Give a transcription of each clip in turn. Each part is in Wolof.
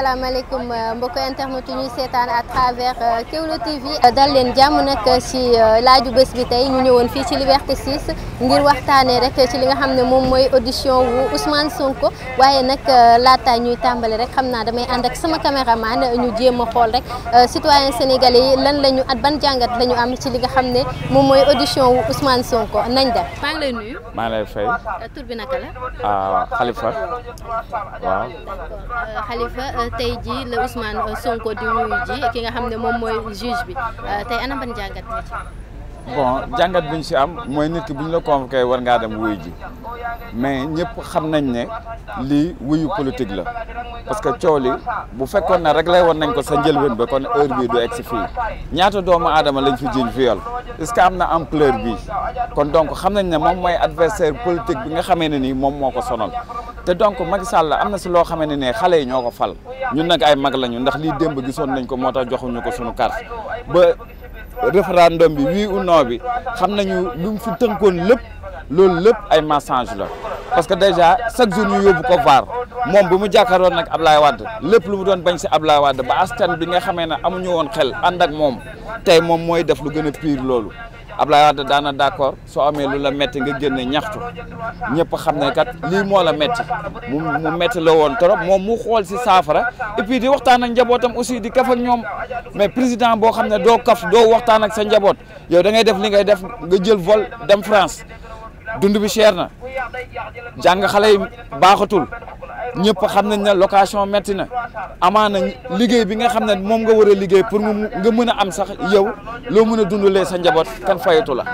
asalaamaaleykum euh, mbokk internet yi ñuy seetaan à travers euh, Kewlo TV dal leen jamm nak ci euh, laaju bëss bi tay ñu ñëwoon fi ci Liberté 6 ngir waxtaanee rek ci li nga xamné mom moy audition wu Ousmane Sonko waaye nak laata ñuy tambalé rek xamna damay and ak sama caméraman ñu jéem xol rek citoyen sénégalais yi lan la at ban jangat la am ci li nga xamné mom moy audition wu Ousmane Sonko nañ da maa ngi lay nuyu. maa ngi lay fay. tur bi naka la. Ah, Khalifa waaw. Khalifa. tey jii la Ousmane Sonko di wuyu ji ki nga xam ne moom mooy juge bi euh, tey ana ban jàngat nga bon jàngat bu ñu si am mooy nit ki bu ñu la convoqué war ngaa dem wuyu ji mais ñëpp xam nañ ne lii wuyu politique la parce que coow li bu fekkoon ne réglé woon nañ ko sa njëlbeen ba kon heure bii du egg si fii ñaata doomu aadama lañ fi jiñ viol est-ce que am na ampleur bi kon donc xam nañ ne moom mooy adversaire politique bi nga xamee ne nii moom moo ko sonal. te donc Macky Sall am na si loo xamante ne xale yi ñoo ko fal ñun nag ay mag lañu ndax lii démb gisoon nañ ko moo tax joxuñu ko suñu carte ba référendum bi oui u non bi xam nañu lu mu fi tënkoon lépp loolu lépp ay mensonge la parce que déjà chaque jour ñu yóbbu ko VAR moom bu mu jàkkaaroon nag ab Ablaye Wade lépp lu mu doon bañ si ab Ablaye Wade ba askan bi nga xamee ne amuñu woon xel ànd ak moom tey moom mooy def lu gën a pire loolu Ablaye Wade daana d'accord soo amee lu la metti nga génne ñaxtu ñëpp xam ne kat lii moo la metti mu mu metti la woon trop moom mu xool si saafara et puis di waxtaan ak njabootam aussi di kaf ak ñoom mais président boo xam ne doo kaf doo waxtaan ak sa njaboot yow dangay def li ngay def nga jël vol dem France dund bi cher na jàng xale yi baaxatul ñëpp xam nañ ne location métti na amaana liggéey bi nga xam ne moom nga war a liggéey pour nga mën a am sax yow loo mën a dundalee sa njaboot kan fayatu la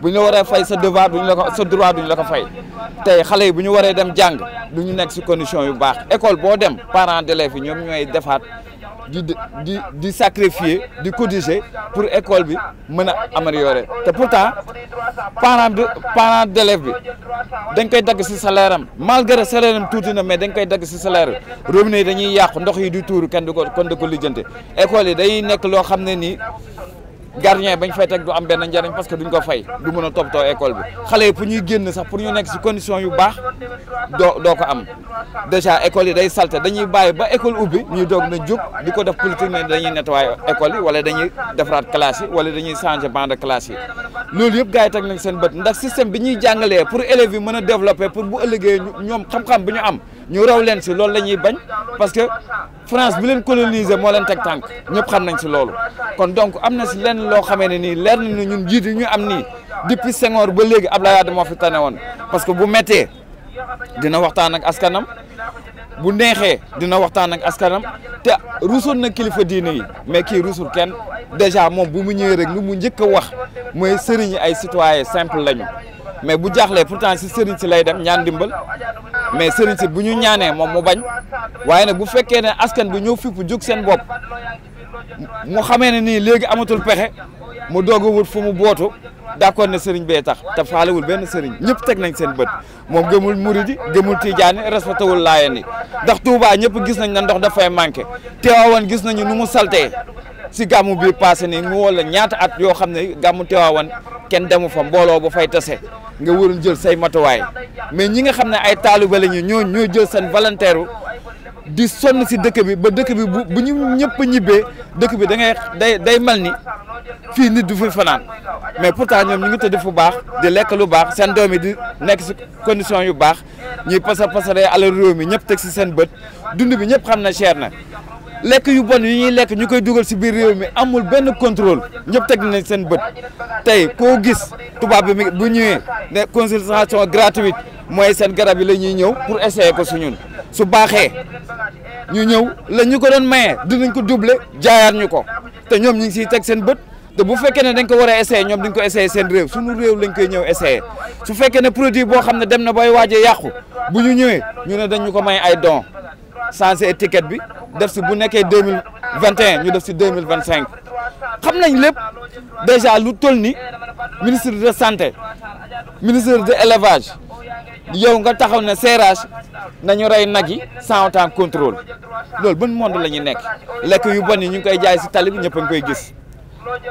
bu ñu waree fay sa devoir duñu la ko sa droit duñu la ko fay tey xale yi bu ñu waree dem jàng du ñu nekk si condition yu baax école boo dem parents d'élèves yi ñoom ñooy defaat. du du sacrifier du cotiser pour école bi mën a améliorer te pourtant parent bi parent d'élève bi dañ koy dagg ci salaire malgré salaire am tuuti na mais dañ koy dagg ci salaire bi robinet yi dañuy yàqu ndox yi du tour kenn du ko kon du ko lijjante école yi day nekk loo xam ne gardien bañ fay teg du am benn njariñ parce que duñ ko fay du mën a toppatoo école bi xale yi pour ñuy génn sax pour ñu nekk ci condition yu baax doo doo ko am déjà école yi day salte dañuy bàyyi ba école ubbi ñuy doog na jub di ko def politique ne dañuy nettoyer école yi wala dañuy defaraat classe yi wala dañuy changer banc de yi loolu yëpp gars yi teg nañ seen bët ndax système bi ñuy jàngalee pour élèves yi mën a développer pour bu ëllëgee ñoom xam-xam bi ñu am ñu rew leen si loolu la ñuy bañ parce que France bi leen colonisé moo leen teg tànk ñëpp xam nañ si loolu kon donc am na si lenn loo xamee ne nii leer na ñu jiit yi ñu am nii depuis Senghor ba léegi Abdoulaye Wade moo fi tane woon parce que bu méttee dina waxtaan ak askanam bu neexee dina waxtaan ak askanam te ruusoon na kilifa diine yi mais kii ruusul kenn déjà moom bu mu ñëwee rek nu mu njëkk a wax mooy sëriñ ay citoyen simple lañu mais bu jaaxlee pourtant si sëriñ si lay dem ñaan mais sëriñ si bu ñu ñaanee moom mu bañ waaye nag bu fekkee ne askan bi ñoo fipp jóg seen bopp mu xamee ne nii léegi amatul pexe mu doog a wut fu mu bootu d'accord ne sëriñ bee tax te faalewul benn sëriñ ñëpp teg nañ seen bët moom gëmul muridi gëmul tijaani respecté wul laayeen yi ndax Touba ñëpp gis nañ ne ndox dafay manqué teewaawoon gis nañu nu mu saltee si gàmmu bi passé ni mu wala ñaata at yoo xam ne gàmmu Tiwaawan kenn demu fa mbooloo ba fay tase nga waroon jël say matuwaay mais ñi nga xam ne ay taalu la ñu ñoo ñoo jël seen volontaire di sonn si dëkk bi ba dëkk bi bu bu ñu ñëpp ñibbee dëkk bi da ngay day day mel ni fii nit du fi fanaan mais pourtant ñoom ñu ngi tëdd fu baax di lekk lu baax seen doom yi di nekk si condition yu baax ñuy pasar pasaree alal réew mi ñëpp teg si seen bët dund bi ñëpp xam na cher na lekk yu bon yi ñuy lekk ñu koy dugal si biir réew mi amul benn contrôle ñëpp teg nañ seen bët tey koo gis tubaab bi bu ñëwee ne consultation gratuite mooy seen garab yi la ñuy ñëw pour essayer ko su ñun su baaxee ñu ñëw la ñu ko doon mayee dinañ ko doubler jaayaat ñu ko te ñoom ñu ngi siy teg seen bët te bu fekkee ne dañ ko war a see ñoom dañ ko essayer seen réew suñu réew lañ koy ñëw essayer su fekkee ne produit boo xam ne dem na booy waajee yàqu bu ñu ñëwee ñu ne dañ ko may ay don changé étiquette bi def si bu nekkee deux mille vingt et un ñu def si deux mille vingt cinq xam nañ lépp déjà lu toll ni ministre de santé ministre de élevage yow nga taxaw ne serrage nañu rey nag yi sans autant contrôle loolu ban monde la ñuy nekk lekk yu bon yi ñu ngi koy jaay si tali bi ñëpp a ngi koy gis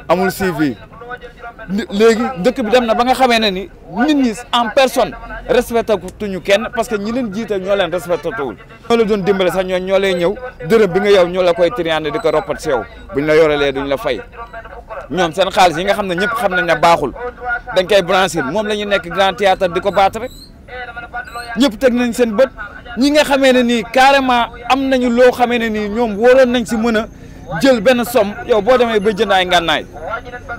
amul suivi. léegi dëkk bi dem na ba nga xamee ne ni nit en personne respecté tuñu kenn parce que ñi leen jiite ñoo leen respecté tuwul ñoo la doon dimbale sax ñoo ñoo lay ñëw dërëm bi nga yow ñoo la koy triandé di ko roppat si yow buñ la yorelee duñ la fay ñoom seen xaalis yi nga xam ne ñëpp xam nañ ne baaxul dañ koy blanchir moom la ñu nekk grand théâtre di ko battre ñëpp teg nañ seen bët ñi nga xamee ne nii carrément am nañu loo xamee ne nii ñoom waroon nañ si mën a jël benn somme yow boo demee ba jënd ay ngànnaay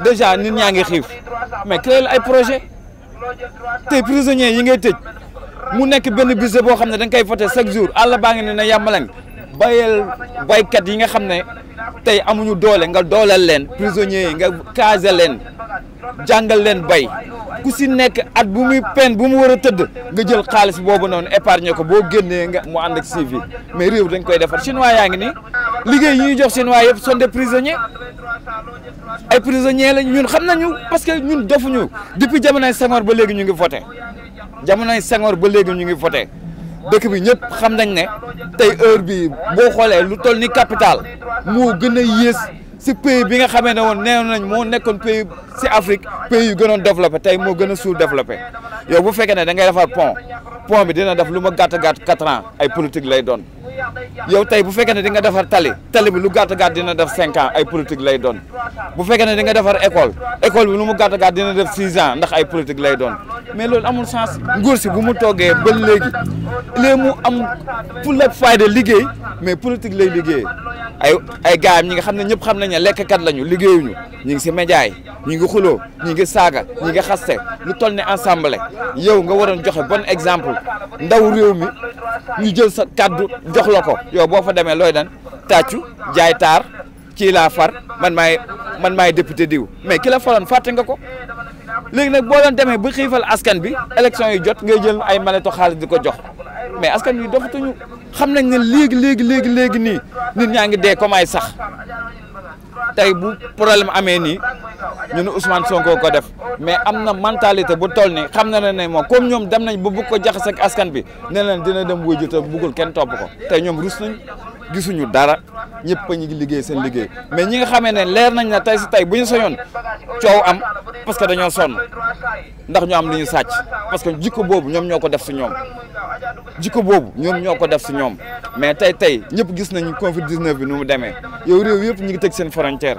déjà nit ñaa ngi xiif mais créer ay projet tey prisonniers yi ngay tëj mu nekk benn budget boo xam ne da nga koy voté chaque jour àll baa ngi ne na yàmbalang bayal baykat yi nga xam ne tey amuñu doole nga dooleel leen prisonniers yi nga casé leen jàngal leen bay ku si nekk at bu muy peine bu mu war a tëdd nga jël xaalis boobu noonu épargne ko boo génnee nga mu ànd ak suivi mais réew dañ koy defar chinois yaa ngi nii liggéey yi ñuy jox chinois yëpp sont des prisonniers ay prisonniers lañ ñun xam nañu parce que ñun defuñu depuis jamonoy Senghor ba léegi ñu ngi voté jamonoy Senghor ba léegi ñu ngi voté dëkk bi ñëpp xam nañ ne tey heure bi boo xoolee lu toll ni capital moo gën a yées. si pays bi nga pays si Afrique pays yu développé tay mo gëna développé yow bu ne da ngay pont, pont pont bi dina def luma gatt gatt 4 ans ay politique lay yow tay bu fekkee ne di nga defar tali tali bi lu dina def cinq ans ay politique lay doon bu fekkee ne defar école école bi mu six ans ndax ay politique lay doon mais loolu amul sens nguur si bu mu toogee ba léegi léegi mu am pour mais politique lay liggéey ay ay ñi nga xam ne ñëpp xam nañ ne lañu ensemble yow nga waroon joxe bon exemple ndaw jël sa jox la ko yow boo fa demee looy dan tàccu jaay taar kii laa far man maay man maay député diw mais ki la faloon fàtte nga ko léegi nag boo doon demee bu xiifal askan bi élection yi jot ngay jël ay maleto xaalis di ko jox mais askan yi dofatuñu xam nañ ne léegi léegi léegi léegi nii nit ñaa ngi dee comme ay sax tey bu problème amee nii ñu ne Ousmane Sonko ko def mais am na mentalité bu toll ni xam na ne moom comme ñoom dem nañ ba bëgg ko jaxase ak askan bi ne leen dina dem wuyu ji te bëggul kenn topp ko tey ñoom rus nañ gisuñu dara ñëpp a ñu liggéey seen liggéey mais ñi nga xamee ne leer nañ ne tey si tey bu ñu soñoon coow am parce que dañoo sonn ndax ñoo am li ñu sàcc parce que jikko boobu ñoom ñoo ko def si ñoom jikko boobu ñoom ñoo ko def si ñoom mais tey tey ñëpp gis nañ Covid 19 bi nu mu demee yow réew yëpp ñu ngi teg seen frontière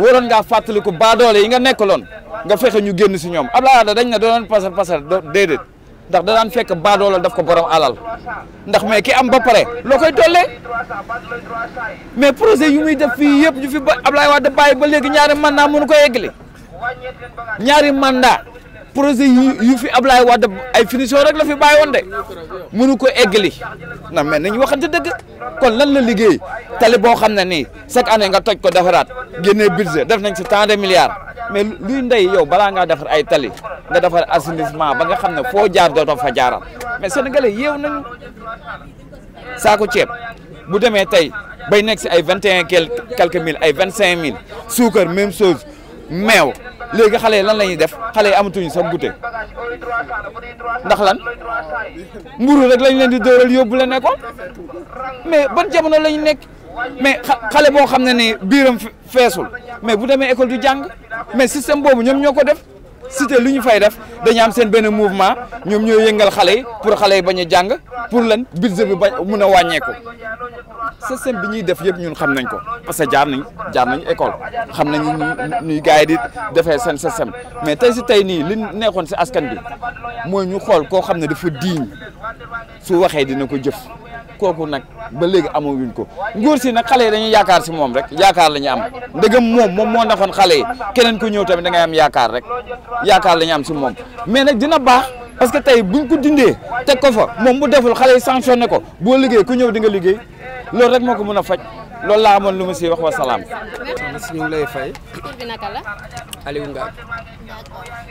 waroon ngaa fàttaliku baadoole yi nga nekkaloon nga fexe ñu génn si ñoom Abdoulaye Wade dañ ne doon pasar pasar déedéet ndax da daan fekk baadoole daf ko borom alal ndax mais ki am ba pare loo koy tollee mais projet yu muy def fii yëpp ñu fi ba Abdoulaye Wade bàyyi ba léegi ñaari mandat mënu ko yeggali ñaari mandat projet yi yu fi Ablaye Wade ay finition rek la fi bàyyi woon de mënu ko eggali na mais nañu waxante dëgg kon lan la liggéey tali boo xam ne nii chaque année nga toj ko defaraat génnee budget def nañ si tant de milliards mais luy ndey yow balaa ngaa defar ay tali nga defar assainissement ba nga xam ne foo jaar dootoo fa jaaral mais sénégalais yeew nañu saako ceeb bu demee tey bay nekk si ay vingt et un quelques mille ay vingt cinq mille suukar même chose meew léegi xale yi lan la ñuy def xale yi amatuñu sax goûter ndax lan mburu rek lañ leen di dóoral yóbbu leen école mais ban jamono lañu nekk mais xale boo xam ne ni biiram feesul mais bu demee école du jàng mais système boobu ñoom ñoo ko def cité lu ñu fay def dañu seen benn mouvement ñoom ñoo yëngal xale yi pour xale yi bañ a jàng pour lan budget bi ba mun a wàññeeku système bi ñuy def yëpp ñun xam nañ ko parce que jaar nañ jaar nañ école xam nañ ñuy gars yi di defee seen système mais tey si tey nii li neexoon si askan bi mooy ñu xool koo xam ne dafa diiñ su waxee dina ko jëf kooku nag ba léegi amaguñ ko nguur si nag xale yi dañuy yaakaar si moom rek yaakaar la ñu am ndegam moom moom moo naxoon xale yi keneen ku ñëw tamit da ngay am yaakaar rek yaakaar la am si moom mais nag dina baax parce que tey buñ ko dindee teg ko fa bu deful xale yi ko boo liggéey ku ñëw di nga liggéey loolu rek moo ko mën a faj loolu laa amoon lu ma siy wax wa salaam. gis ñu ngi lay fay. tur bi naka la. Aliou Ngak.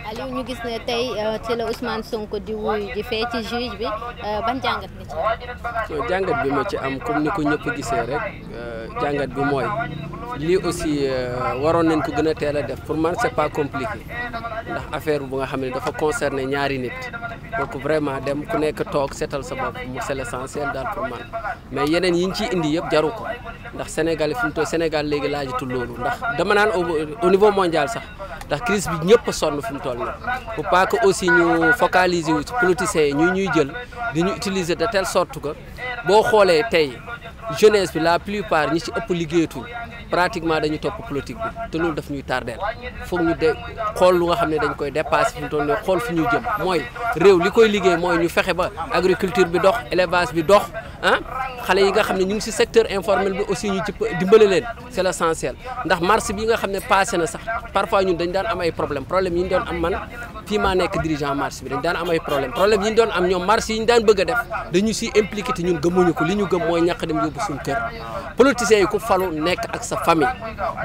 Aliou ñu gis ne tey euh, ci la Ousmane Sonko di wuyu ji fee ci juge bi euh, ban jàngat nga ci. non jàngat bi ma ci am comme ni ko ñëpp gisee rek euh, jàngat bi mooy lii aussi waroon nañ ko gën a def pour man c'est pas compliqué ndax affaire bu nga xam dafa concerner ñaari nit donc vraiment dem ku nekk toog seetal sa bopp mu c'est l'essentiel daal pour man mais yeneen yi ñu indi yëpp jaru ndax Sénégal fi Sénégal léegi laajatul loolu jaaduwul ndax dama naan au niveau mondial sax ndax crise bi ñëpp a sonn fi mu faut pas que aussi ñu focaliser wu ci politiciens yi ñu ñuy jël di utiliser de telle sorte que boo xoolee tey jeunesse bi la plupart ñi ci ëpp liggéeyatul pratiquement dañu top politique bi té loolu daf ñuy tarder foog ñu dé xol lu nga xamné dañ koy dépasser fi tollé xol nii fi ñuy jëm moy rew likoy koy moy ñu fexé ba agriculture bi dox élevage bi dox ah xale yi nga xam ne ñu ngi si secteur informel bi aussi ñu ci dimbale leen c'est l'essentiel ndax marché bi nga xam ne passé na sax par parfois ñun dañ daan am ay problème problème yi ñu doon am man fi ma nek dirigeant mars bi dañ daan am ay problème problème yi ñu doon am ñom mars yi ñu daan bëgg def dañu si impliquer ñun gëmuñu ko li ñu gëm moy ñak dem yobu suñu kër politiciens yi ku falu nek ak sa famille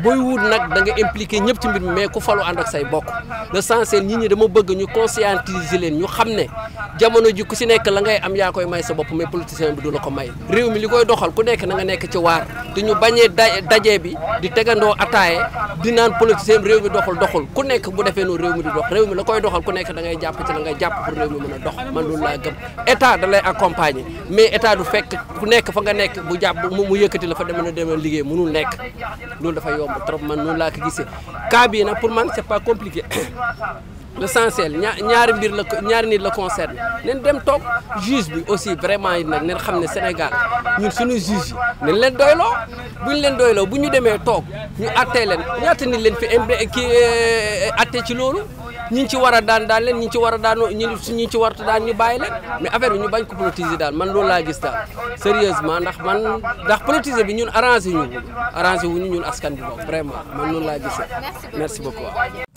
boy wut nak da nga impliquer ñepp ci mbir mi mais ku falu and ak say bokk l'essentiel nit ñi dama bëgg ñu conscientiser leen ñu xam jamono ji ku ci nek la ngay am ya koy may sa bopp mais politiciens bi du la ko may réew mi likoy doxal ku nek na nga nek ci war di ñu bañé dajé bi di tégando di naan politiciens réew mi doxal doxal ku nek bu défé no réew mi di dox réew mi la koy doxal doxal ku nekk da ngay jàpp ci la ngay jàpp pour réew a dox man loolu laa gëm état da lay mais état du fekk ku nekk fa nga nekk bu jàpp mu yëkkati la fa demoon a demoon liggéey mënul nekk loolu dafa yomb trop man noonu laa ko gisee cas nag pour man c'est pas compliqué. l'essentiel ñaar ñaari mbir la ñaari nit la concerne nañ dem toog juge bi aussi vraiment it nag nañ xam ne Sénégal ñun suñu juge yi leen doyloo bu ñu leen doyloo bu ñu demee toog ñu attee leen ñaata nit leen fi imb kii euh, attee ci loolu ñi ci war a daan daan leen ñi ci war a daanoo ñi ñi ci warta daan ñu bàyyi leen mais affaire bi ñu bañ ko politiser daal man loolu laa gis daal sérieusement ndax man ndax politiser bi ñun arrangé ñu arrangé wuñu ñun askan bi moom vraiment man loolu laa gis merci beaucoup